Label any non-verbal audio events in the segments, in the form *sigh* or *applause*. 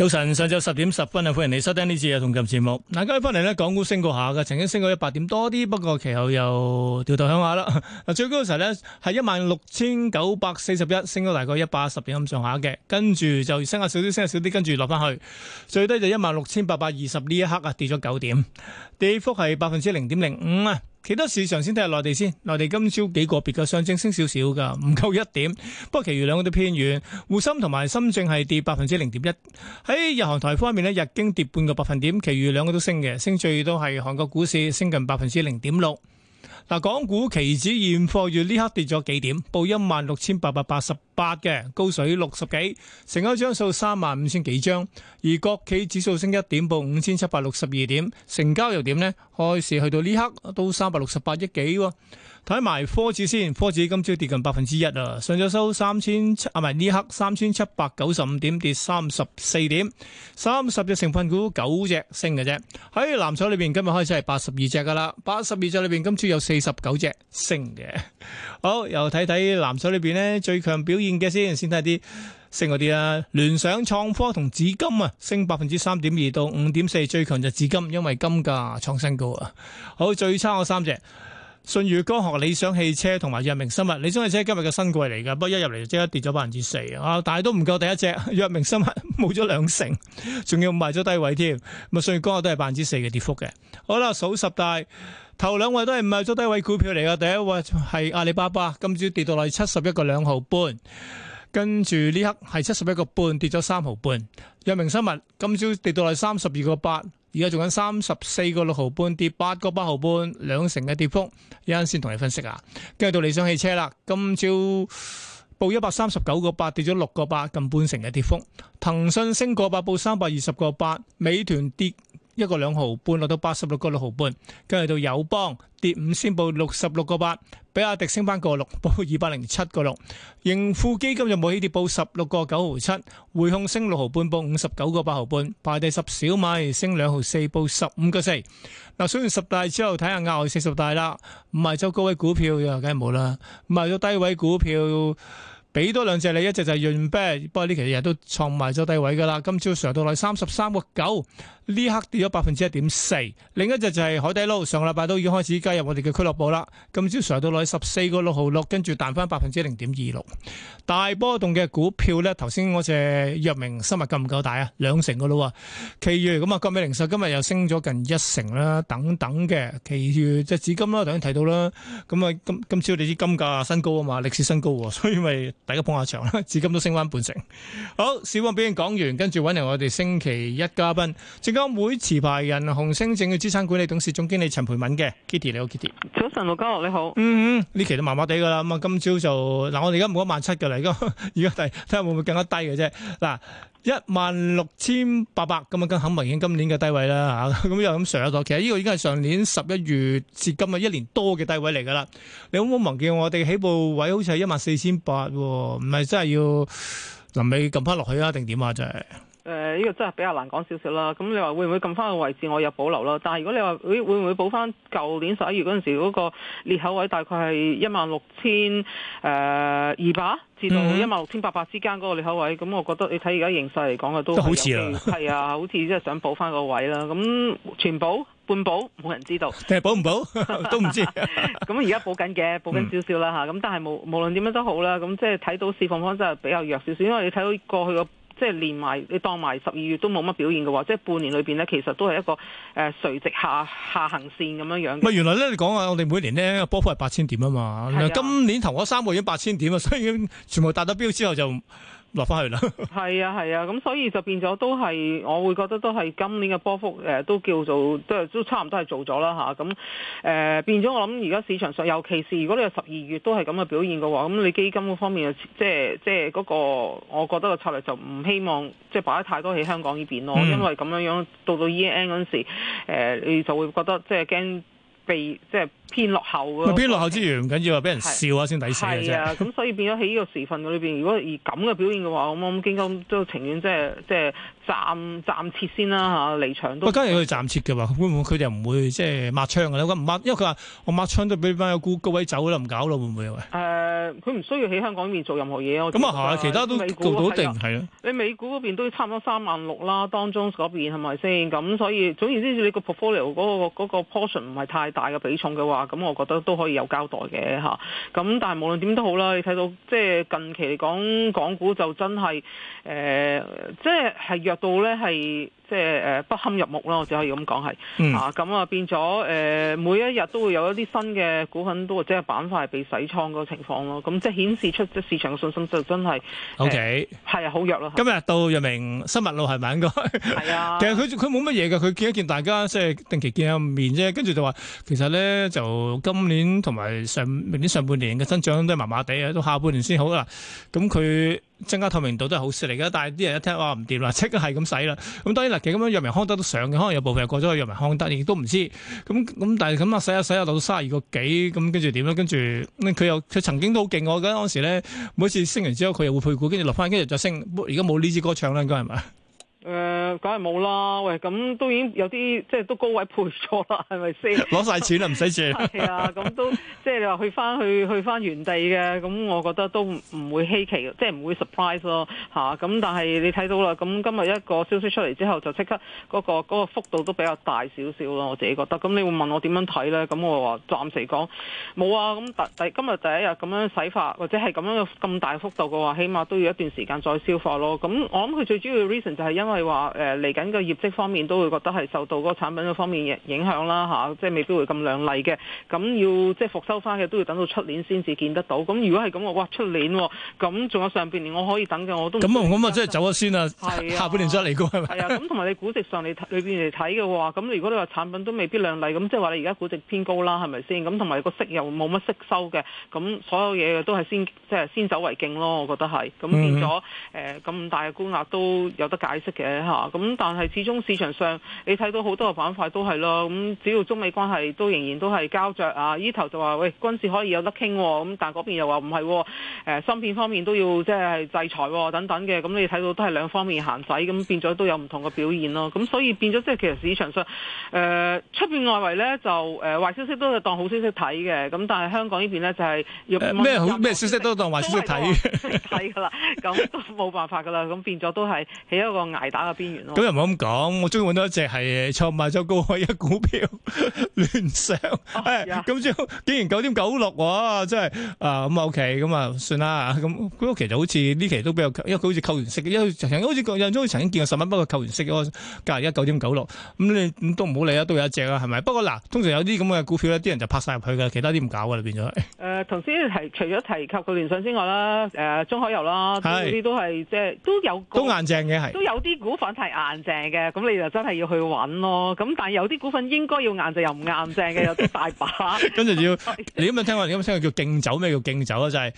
早晨，上晝十點十分啊，歡迎你收聽呢次嘅同濟節目。嗱，今日翻嚟呢，港股升過下嘅，曾經升過一百點多啲，不過其後又調到向下啦。嗱，最高嘅時候呢係一萬六千九百四十一，升到大概一百一十點咁上下嘅，跟住就升下少啲，升下少啲，跟住落翻去，最低就一萬六千八百二十呢一刻啊，跌咗九點，跌幅係百分之零點零五啊。其他市場先睇下內地先，內地今朝幾個別嘅上證升少少噶，唔夠一點，不過其餘兩個都偏遠。滬深同埋深證係跌百分之零點一。喺日韓台方面咧，日經跌半個百分點，其餘兩個都升嘅，升最多係韓國股市升近百分之零點六。嗱，港股期指現貨月呢刻跌咗幾點，報一萬六千八百八十。八嘅高水六十幾，成交張數三萬五千幾張，而國企指數升一點，報五千七百六十二點，成交又點呢？開市去到呢刻都三百六十八億幾喎。睇埋科指先，科指今朝跌近百分之一啊，上晝收三千七，啊唔係呢刻三千七百九十五點，跌三十四點，三十隻成份股九隻升嘅啫。喺藍籌裏邊，今日開始係八十二隻噶啦，八十二隻裏邊今朝有四十九隻升嘅。好，又睇睇藍籌裏邊呢，最強表現。先，先睇啲升嗰啲啊。聯想創科同紫金啊，升百分之三點二到五點四，最強就紫金，因為金價創新高啊。好，最差嗰三隻。信譽光學、理想汽車同埋藥明生物，理想汽車今日嘅新季嚟㗎，不過一入嚟即刻跌咗百分之四啊！但係都唔夠第一隻藥明生物冇咗兩成，仲要賣咗低位添。咁舜宇光學都係百分之四嘅跌幅嘅。好啦，數十大頭兩位都係賣咗低位股票嚟㗎，第一位係阿里巴巴，今朝跌到嚟七十一個兩毫半，跟住呢刻係七十一個半，跌咗三毫半。藥明生物今朝跌到嚟三十二個八。而家做緊三十四個六毫半，跌八個八毫半，兩成嘅跌幅。一陣先同你分析啊，跟住到理想汽車啦，今朝報一百三十九個八，跌咗六個八，近半成嘅跌幅。騰訊升個八，報三百二十個八，美團跌，一個兩毫半落到八十六個六毫半，跟住到，到友邦跌五先報六十六個八，比亞迪升翻個六，報二百零七個六。盈富基金就冇起跌，報十六個九毫七，匯控升六毫半，報五十九個八毫半。排第十小米升兩毫四，報十五個四。嗱，數完十大之後，睇下額外四十大啦，賣咗高位股票又梗係冇啦，賣咗低位股票。俾多兩隻你，一隻就係潤，不過呢期日都創埋咗低位噶啦。今朝上到來三十三個九，呢刻跌咗百分之一點四。另一隻就係海底撈，上個禮拜都已經開始加入我哋嘅俱樂部啦。今朝上到來十四個六毫六，跟住彈翻百分之零點二六。大波動嘅股票咧，頭先嗰隻藥明生物夠唔夠大啊？兩成個咯。其餘咁啊，國美零售今日又升咗近一成啦。等等嘅，其餘即係紫金啦，頭先提到啦。咁啊，今今朝你知金價新高啊嘛，歷史新高，所以咪，大家捧下場啦，至今都升翻半成。好，市況表現講完，跟住搵嚟我哋星期一嘉賓，證監會持牌人、紅星證嘅資產管理董事總經理陳蓓敏嘅 Kitty，你好，Kitty。早晨，陸家樂你好。嗯嗯，呢期都麻麻地噶啦，咁啊，今朝就嗱，我哋而家冇一萬七㗎喇，而家而家睇睇下會唔會更加低嘅啫。嗱，一萬六千八百咁啊，更，肯明顯今年嘅低位啦吓。咁又咁上一度，其實呢個已經係上年十一月至今日一年多嘅低位嚟噶啦。你好唔忘記我哋起步位好似係一萬四千八？唔係真係要臨尾撳翻落去啊？定點啊？真係？誒，呢個真係比較難講少少啦。咁你話會唔會撳翻個位置？我有保留啦。但係如果你話會會唔會補翻舊年十一月嗰陣時嗰個裂口位？大概係一萬六千誒二百至到一萬六千八百之間嗰個裂口位？咁我覺得你睇而家形勢嚟講嘅都都好似啦。係 *laughs* 啊，好似即係想補翻個位啦。咁全部。半保冇人知道，定係保唔保都唔知道。咁而家保緊嘅，保緊少少啦嚇。咁、嗯、但係無無論點樣都好啦，咁即係睇到市況方側比較弱少少，因為你睇到過去個即係連埋你當埋十二月都冇乜表現嘅話，即係半年裏邊咧，其實都係一個誒垂直下下行線咁樣樣嘅。原來咧，你講下我哋每年呢波幅係八千點嘛啊嘛，今年頭嗰三個月八千點啊，所以全部達到標之後就。落翻去啦，係啊係啊，咁、啊、所以就變咗都係，我會覺得都係今年嘅波幅誒、呃，都叫做都係都差唔多係做咗啦吓，咁、啊、誒、呃、變咗我諗而家市場上，尤其是如果你係十二月都係咁嘅表現嘅話，咁你基金嗰方面嘅即係即係嗰、那個，我覺得個策略就唔希望即係擺得太多喺香港呢邊咯，因為咁樣樣到到 E N 嗰陣時，誒、呃、你就會覺得即係驚。被即係偏落後啊、那個！偏落後之餘唔緊要啊，俾人笑下先抵死嘅啫。咁、嗯、所以變咗喺呢個時份裏邊，如果以咁嘅表現嘅話，我我基金都情願即係即係暫暫撤先啦嚇，離場都不。喂，今日要暫撤嘅話，會唔會佢哋唔會即係抹槍嘅啦我唔抹，因為佢話我抹槍都俾翻個高位走啦，唔搞啦，會唔會啊？喂佢唔需要喺香港呢邊做任何嘢，嗯，我咁啊，係其他都做到定係啊，啊，啊。你美股嗰邊都差唔多三萬六啦，當中嗰邊係咪先？咁所以，總言之，你個 portfolio，嗰個 portfolio 嗰，嗰個 portion 唔係太大嘅比重嘅話，咁我覺得都可以有交代嘅嚇。咁，啊，但係無論點都好啦，你睇到即係近期嚟講，港股就真係誒，呃，即係係弱到咧，係即係誒不堪入目啦，我只可以咁講係嚇。咁，嗯，啊變咗誒，呃，每一日都會有一啲新嘅股份，都或者係板塊被洗倉嗰個情況咯。咁即係顯示出即市場嘅信心就真係 OK 係、欸、啊，好弱咯。今日到楊明新密路係咪應該係啊？其實佢佢冇乜嘢㗎，佢見一見大家即係、就是、定期見下面啫。跟住就話其實咧就今年同埋上明年上半年嘅增長都係麻麻地啊，到下半年先好啦。咁佢。增加透明度都係好事嚟嘅，但係啲人一聽話唔掂啦，即刻係咁使啦。咁當然啦，其實咁樣藥明康德都上嘅，可能有部分過咗去藥明康德，亦都唔知。咁咁，但係咁啊，啊，使下使下到三十二個幾，咁跟住點咧？跟住佢又佢曾經都好勁，我覺得嗰時咧，每次升完之後佢又會配股，跟住落翻，跟住就升。而家冇呢支歌唱啦，應該係咪？誒、呃，梗係冇啦。喂，咁都已經有啲即係都高位賠咗啦，係咪先？攞晒錢啦，唔使借。係啊，咁都即係你話去翻去去翻原地嘅，咁我覺得都唔會稀奇，即係唔會 surprise 咯，吓。咁但係你睇到啦，咁、啊、今日一個消息出嚟之後，就即刻嗰、嗰個、嗰個幅度都比較大少少咯。我自己覺得，咁你會問我點樣睇咧？咁我話暫時講冇啊。咁第今日第一日咁樣洗法，或者係咁樣咁大幅度嘅話，起碼都要一段時間再消化咯。咁我諗佢最主要嘅 reason 就係因都係話誒嚟緊嘅業績方面都會覺得係受到嗰個產品嗰方面影響啦，嚇、啊，即係未必會咁亮麗嘅。咁、啊、要即係復收翻嘅都要等到出年先至見得到。咁、啊、如果係咁嘅，哇出年咁仲，啊、有上半年我可以等嘅，我都咁啊，咁啊，即係走咗先啊。下半年再嚟過係咪？係啊。咁同埋你估值上你裏邊嚟睇嘅話，咁如果你話產品都未必亮麗，咁即係話你而家估值偏高啦，係咪先？咁同埋個息又冇乜息收嘅，咁所有嘢都係先即係先走為敬咯，我覺得係。咁變咗誒咁大嘅觀額都有得解釋。嘅嚇，咁但係始終市場上你睇到好多個板塊都係咯，咁只要中美關係都仍然都係膠着啊，呢頭就話喂軍事可以有得傾，咁但係嗰邊又話唔係，誒芯片方面都要即係制裁等等嘅，咁你睇到都係兩方面行使，咁變咗都有唔同嘅表現咯，咁所以變咗即係其實市場上誒出邊外圍呢就誒壞、呃消，消，就是呃、消息都係當好消息睇嘅，咁但係香港呢邊呢，就係咩好咩消息 *laughs* 都當壞消息睇，睇㗎啦，咁都冇辦法㗎啦，咁變咗都係起一個危。打個邊緣咯、哦。咁又唔好咁講，我終於揾到一隻係創賣咗高開嘅股票， *laughs* 聯想。咁之後竟然九點九六喎，真係啊，咁 OK，咁啊算啦。咁佢屋企就好似呢期都比較，因為佢好似扣完息，因為曾經好似有陣時曾經見過十蚊，不過扣完息嘅價而家九點九六。咁你都唔好理啦，都有一隻啦，係咪？不過嗱，通常有啲咁嘅股票咧，啲人就拍晒入去㗎，其他啲唔搞㗎啦，變咗係。誒、呃，頭先提除咗提及佢聯想之外啦，誒、呃，中海油啦，嗰啲都係即係都有高硬淨嘅係，都有啲。股份係硬淨嘅，咁你就真係要去揾咯。咁但係有啲股份應該要硬淨又唔硬淨嘅，有啲大把。跟 *laughs* 住就要， *laughs* 你啱先聽話，你啱先叫敬酒咩？叫敬酒啊，就係、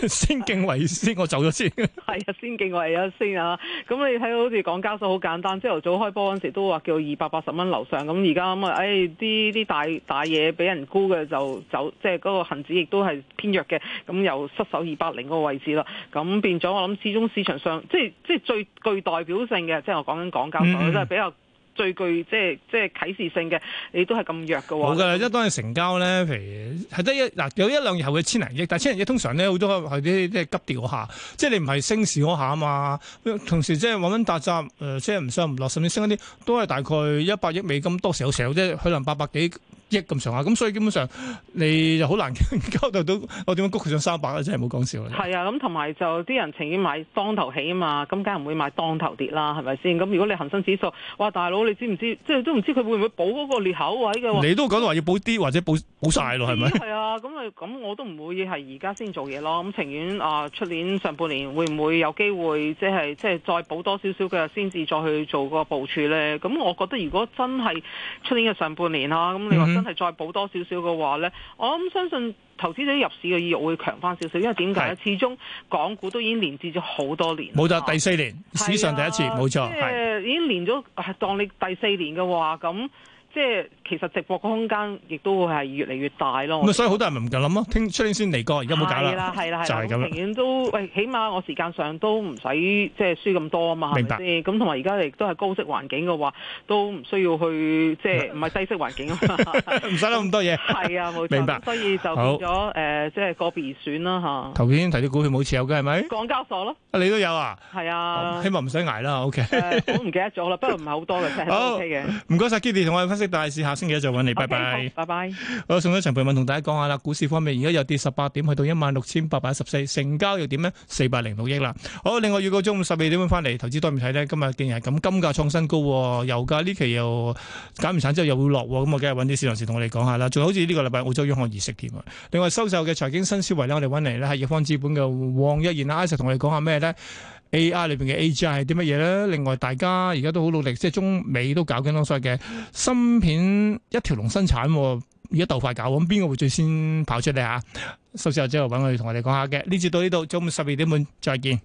是、先敬為先， *laughs* 我先走咗先。係啊，先敬我一先啊。咁你睇到好似港交所好簡單，朝頭早開波嗰陣時都話叫二百八十蚊樓上。咁而家咁啊，誒啲啲大大嘢俾人沽嘅就走，即係嗰個恒指亦都係偏弱嘅，咁又失守二百零嗰個位置啦。咁變咗我諗，始終市場上即係即係最具代表性。嘅，即係我講緊港交所都係比較最具即係即係啟示性嘅，你都係咁弱㗎喎。好㗎，一、嗯、當係成交咧，譬如係得一嗱有一兩日後嘅千零億，但係千零億通常咧好多係啲即係急調下，即係你唔係升市嗰下啊嘛。同時即係揾揾搭集誒，即係唔上唔落、呃，甚至升一啲都係大概一百億美金，多少少，即係可能八百幾。億咁上下，咁所以基本上你就好難交代到我 300,，我點樣谷佢上三百咧，真係冇講笑啦。係啊，咁同埋就啲人情願買當頭起啊嘛，咁梗係唔會買當頭跌啦，係咪先？咁如果你恒生指數，哇大佬，你知唔知？即係都唔知佢會唔會補嗰個裂口位嘅？你都講話要補啲或者補。好晒咯，係咪？係 *laughs* 啊，咁啊，咁我都唔會係而家先做嘢咯。咁情願啊，出年上半年會唔會有機會，即係即係再補多少少嘅，先至再去做個部署咧？咁我覺得，如果真係出年嘅上半年啊，咁你話真係再補多少少嘅話咧，嗯嗯我諗相信投資者入市嘅意欲會，會強翻少少，因為點解？始終港股都已經連跌咗好多年。冇錯，第四年史上第一次，冇錯，係、即係、已經連咗，當你第四年嘅話咁。那即係其實直播個空間亦都會係越嚟越大咯。所以好多人都唔夠諗咯。聽出年先嚟過，而家冇搞啦。係啦、啊，係啦、啊啊，就係、是、咁樣。永遠都喂，起碼我時間上都唔使即係輸咁多啊嘛。明白。咁同埋而家亦都係高息環境嘅話，都唔需要去即係唔係低息環境嘛 *laughs* *laughs* 不用那麼 *laughs* 啊？唔使諗咁多嘢。係啊，冇錯。明白。所以就變咗誒，即係、呃就是、個別而選啦、啊、嚇。頭先提到股票冇持有嘅係咪？港交所咯。你都有啊？係啊。希望唔使捱啦。O、okay、K、呃。我唔記得咗啦， *laughs* 不過唔係好多嘅，真係唔該曬，Kitty，同大市下星期一就揾你，拜拜，拜、okay, 拜、okay。好，嗯，送咗陳蓓敏同大家講下啦。股市方面，而家又跌十八點，去到一萬六千八百一十四，成交又點呢？四百零六億啦。好，另外預告中午十二點翻嚟，投資多唔睇呢。今日竟然係咁，金價創新高，哦，油價呢期又減唔產之後又會落，咁我梗係揾啲市場士同我哋講下啦。仲好似呢個禮拜澳洲央行議息添。另外，收售嘅財經新思維呢，我哋揾嚟呢係億方資本嘅黃一賢啦，一同我哋講下咩呢？A.I. 裏面嘅 A.G.I. 係啲乜嘢咧？另外，大家而家都好努力，即係中美都搞緊東西嘅芯片一條龍生產，而家鬥快搞，咁邊個會最先跑出嚟啊？蘇小杰嚟揾我嚟同我哋講下嘅呢節到呢度，中午十二點半再見。